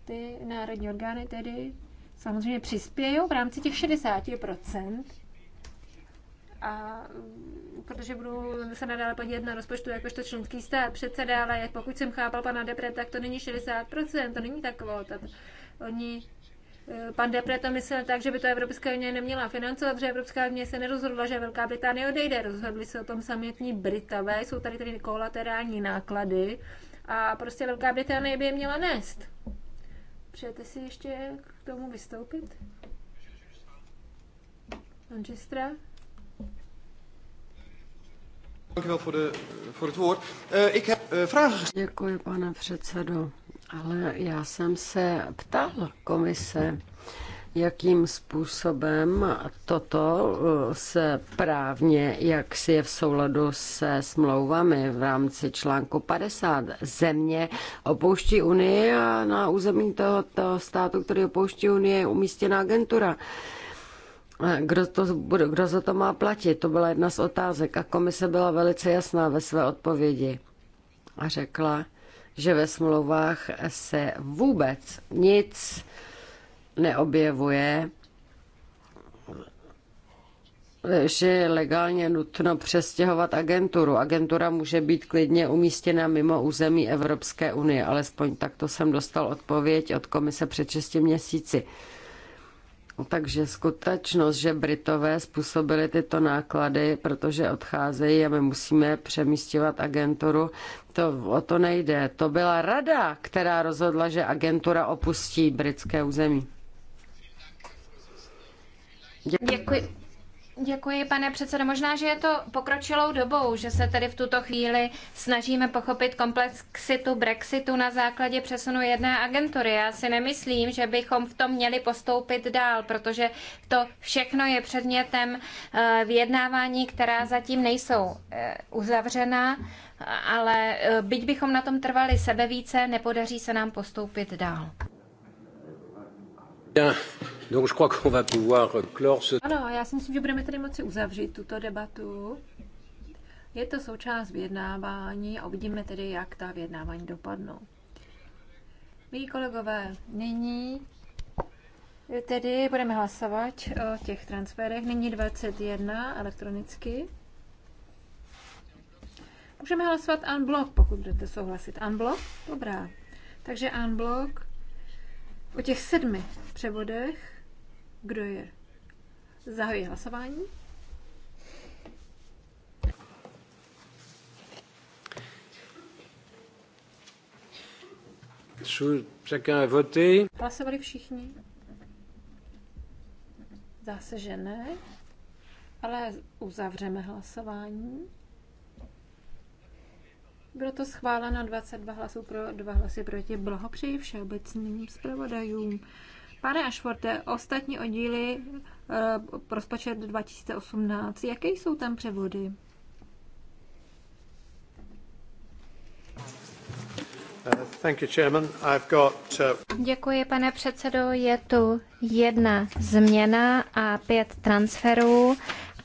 ty národní orgány tedy samozřejmě přispějí v rámci těch 60% a mm, protože budu se nadále podívat na rozpočtu jakožto členský stát předseda, ale jak pokud jsem chápal pana Depre, tak to není 60%, to není takové. Oni eh, Pan Depre to myslel tak, že by to Evropská unie neměla financovat, že Evropská unie se nerozhodla, že Velká Británie odejde. Rozhodli se o tom samotní Britové, jsou tady tedy kolaterální náklady a prostě Velká Británie by je měla nést. Přejete si ještě k tomu vystoupit? Manchester? Děkuji, pane předsedo. Ale já jsem se ptal komise, jakým způsobem toto eh, se právně, jak si je v souladu se smlouvami v rámci článku 50 země opouští Unii a na území tohoto státu, který opouští Unie, je umístěna agentura. Kdo, to, kdo za to má platit? To byla jedna z otázek a komise byla velice jasná ve své odpovědi a řekla, že ve smlouvách se vůbec nic neobjevuje, že je legálně nutno přestěhovat agenturu. Agentura může být klidně umístěna mimo území Evropské unie, alespoň takto jsem dostal odpověď od komise před 6 měsíci. Takže skutečnost, že Britové způsobili tyto náklady, protože odcházejí a my musíme přemístěvat agenturu, to, o to nejde. To byla rada, která rozhodla, že agentura opustí britské území. Děkuji. Děkuji. Děkuji, pane předsedo. Možná, že je to pokročilou dobou, že se tedy v tuto chvíli snažíme pochopit komplexitu Brexitu na základě přesunu jedné agentury. Já si nemyslím, že bychom v tom měli postoupit dál, protože to všechno je předmětem eh, vyjednávání, která zatím nejsou eh, uzavřená, ale eh, byť bychom na tom trvali sebevíce, nepodaří se nám postoupit dál. Euh, ano, já si myslím, že budeme tady moci uzavřít tuto debatu. Je to součást vyjednávání a uvidíme tedy, jak ta vyjednávání dopadnou. Milí kolegové, nyní tedy budeme hlasovat o těch transferech. Nyní 21 elektronicky. Můžeme hlasovat unblock, pokud budete souhlasit. Unblock? Dobrá. Takže unblock po těch sedmi převodech, kdo je zahojí hlasování. Hlasovali všichni? Zase že ne, ale uzavřeme hlasování. Bylo to schváleno 22 hlasů pro, 2 hlasy proti. Blahopřeji všeobecným zpravodajům. Pane Ašforte, ostatní oddíly e, rozpočet 2018, jaké jsou tam převody? Uh, you, got... Uh, Děkuji, pane předsedo. Je tu jedna změna a pět transferů.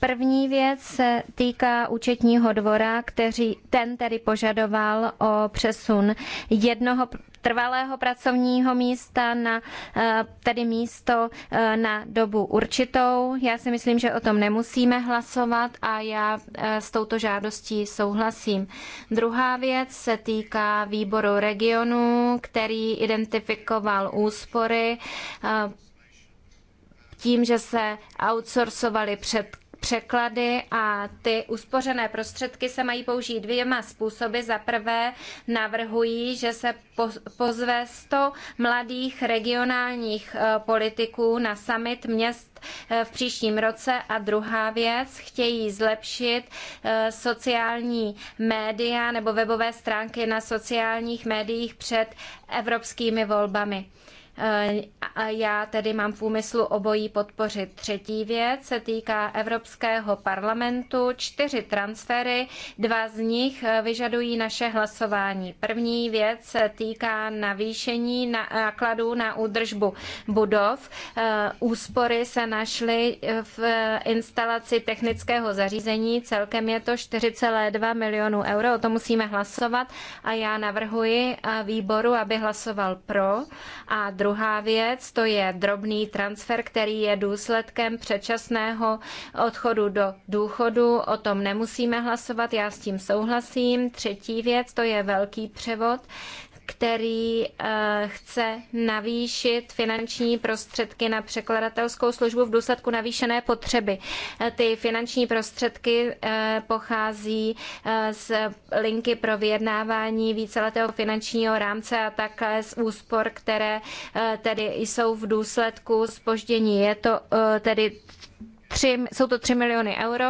První věc se týká účetního dvora, který ten tedy požadoval o přesun jednoho trvalého pracovního místa na eh, tedy místo eh, na dobu určitou. Já si myslím, že o tom nemusíme hlasovat a já eh, s touto žádostí souhlasím. Druhá věc se týká výboru regionu, který identifikoval úspory tím, že se outsourcovaly před překlady a ty uspořené prostředky se mají použít dvěma způsoby. Za prvé navrhují, že se pozve 100 mladých regionálních e, politiků na summit měst e, v příštím roce. A druhá věc, chtějí zlepšit e, sociální média nebo webové stránky na sociálních médiích před evropskými volbami. Eh, já tedy mám v úmyslu obojí podpořit. Třetí věc se týká Evropského parlamentu. Čtyři transfery, dva z nich eh, vyžadují naše hlasování. První věc se týká navýšení nákladů na údržbu budov. Eh, úspory se našly v instalaci technického zařízení. Celkem je to 4,2 milionů euro. O tom musíme hlasovat a já navrhuji výboru, aby hlasoval pro. A druhá věc, to je drobný transfer, který je důsledkem předčasného odchodu do důchodu. O tom nemusíme hlasovat, já s tím souhlasím. Třetí věc, to je velký převod který eh, chce navýšit finanční prostředky na překladatelskou službu v důsledku navýšené potřeby. Eh, ty finanční prostředky eh, pochází z linky pro vyjednávání víceletého finančního rámce a také z úspor, které tedy jsou v důsledku spoždění. Je to tedy Tři, jsou to 3 miliony euro.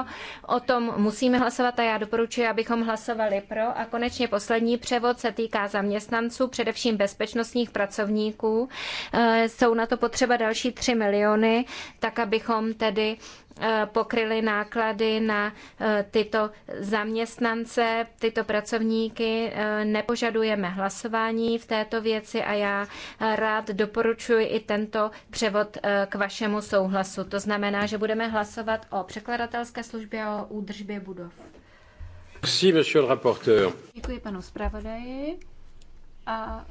O tom musíme hlasovat a já doporučuji, abychom hlasovali pro. A konečně poslední převod se týká zaměstnanců, především bezpečnostních pracovníků. E, jsou na to potřeba další 3 miliony, tak abychom tedy Eh, pokryly náklady na eh, tyto zaměstnance, tyto pracovníky. Eh, nepožadujeme hlasování v této věci a já rád doporučuji i tento převod k vašemu souhlasu. To znamená, že budeme hlasovat o překladatelské službě a o údržbě budov. Merci, monsieur le rapporteur. Děkuji panu zpravodaji. A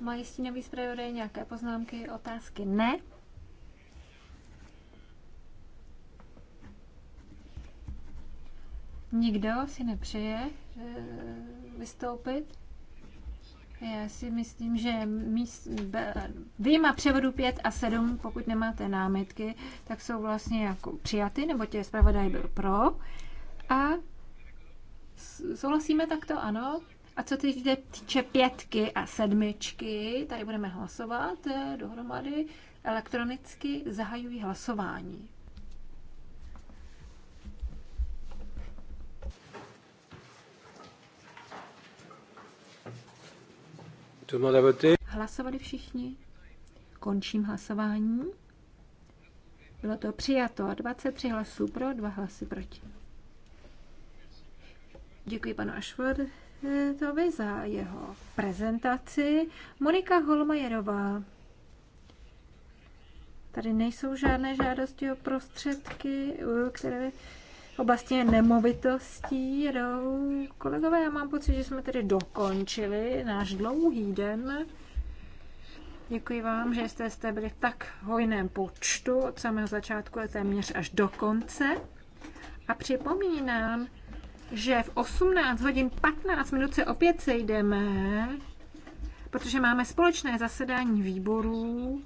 mají stínový zpravodaj nějaké poznámky, otázky? Ne. Nikdo si nepřeje eh, vystoupit? Já si myslím, že míst, výjima převodu 5 a 7, pokud nemáte námitky, tak jsou vlastně jako přijaty, nebo tě zpravodaj byl pro. A souhlasíme takto, ano. A co týče, týče pětky a sedmičky, tady budeme hlasovat eh, dohromady. Elektronicky zahajují hlasování. Hlasovali všichni? Končím hlasování. Bylo to přijato. 23 hlasů pro, 2 hlasy proti. Děkuji panu Ashfordovi za jeho prezentaci. Monika Holmajerová. Tady nejsou žádné žádosti o prostředky, které v oblasti nemovitostí jedou. Kolegové, já mám pocit, že jsme tedy dokončili náš dlouhý den. Děkuji vám, že jste, jste byli v tak hojném počtu od samého začátku a téměř až do konce. A připomínám, že v 18 hodin 15 minut se opět sejdeme, protože máme společné zasedání výborů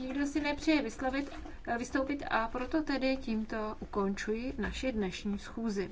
Nikdo si nepřeje vyslovit, eh, vystoupit a proto tedy tímto ukončuji naši dnešní schůzi.